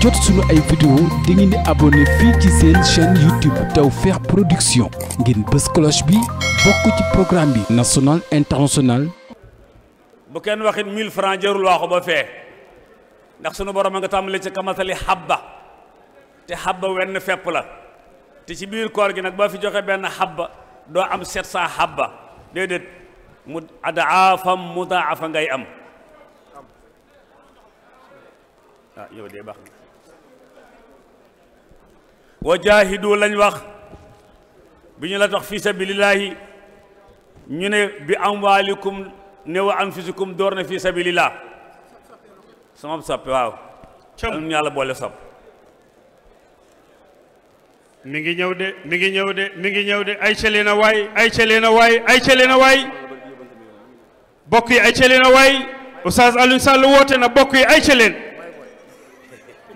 jot suñu ay vidéo da ngeen di abonné fii ci seen chaîne YouTube Tawfekh Production ngeen bës cloche bi bokk ci programme bi national international bu kenn waxit mille francs jarul waxu ba fee ndax sunu borom a nga tàmbalee ca kamatali xabba te xabba wenn fepp la te ci biir koor gi nag boo fi joxe benn xabba doo am 700 xabba déedéet mu adaafam mudaafa ngay am Ah, yow dee baax na wajaahidu lañ wax bi ñu la tax fi sabilillahi ñu ne bi amwaalikum ne wa anfusikum door na fi sabilillah sama sopp waaw am yàlla boole sopp mi ngi ñëw de mi ngi ñëw de mi ngi ñëw de ay cëli waay ay cëli na waay ay cëli na bokk yi ay cëli na waay Oustaz Alioune Sall woote na bokk yi ay cëleen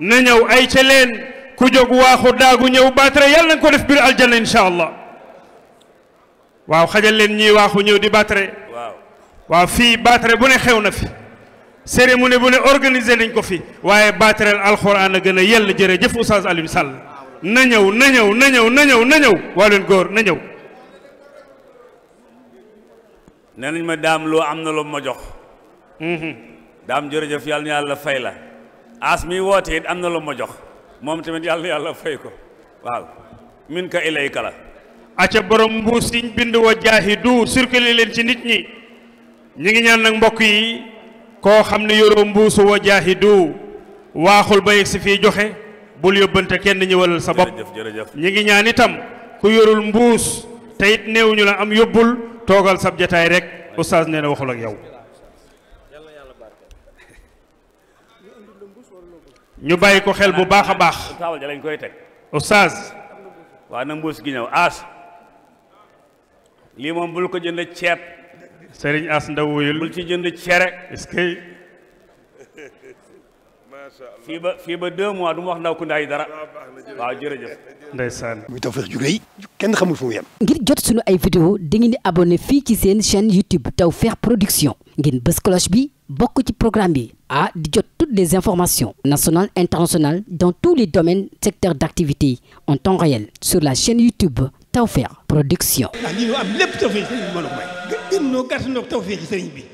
na ñëw ay ca leen ku jóg waaxu daagu ñëw baatare yàlla nañ ko def biir aljanna incha allah waaw xajal leen ñii waaxu ñëw di baatare waaw fii baatare bu ne xew na fi cérémonie bu ne organisé nañ ko fi waaye baatareel alxuraan a gën a yell jërëjëf Oustaz Alioune Sall na ñëw na ñëw na ñëw na ñëw na ñëw waa leen góor na ñëw ne nañ ma daam loo am na loo ma jox mhm. daam jërëjëf yàlla na yàlla fay la as mi woote it am na lu ma jox moom tamit yàlla yàlla fay ko waaw min ka ilayka la aca borom mbuus yiñ bind wa jaahidu circulé leen ci nit ñi ñi ngi ñaan nag mbokk yi koo xam ne yoroo mbuusu wa jaahidu waaxul ba yegg si fii joxe bul yóbbante kenn ñëwalal sa bopp ñi ngi ñaan itam ku yorul mbuus te it néew la am yóbbul toogal sab jataay rek oustaz nee na waxul ak yow ñu bàyyi ko xel bu baax a baax. taabal ja lañ koy teg. oustaz. waaw na mbuus gi ñëw aas. lii moom bul ko jënd ceeb. Serigne As Ndaw wuyul bul ci jënd cere. est-ce que. fii ba fii ba deux mois du ma wax ndaw ku ndaay dara. jëf jërëjëf. ndeysaan. muy Tawfekh ju rëy kenn xamul fu mu yem. ngir jot sunu ay vidéo dangeen di abonné fii ci seen chaîne YouTube Tawfekh Production. ngeen bës cloche bi. bokk ci programme bi ah di jot toutes les informations nationales internationales dans tous les domaines secteurs d'activité en temps réel sur la chaîne YouTube Tawfekh Production. ah lii loo am lépp tawfeer ci bi mbooloo mooy gën gën ñoo gàtt ñoo bi.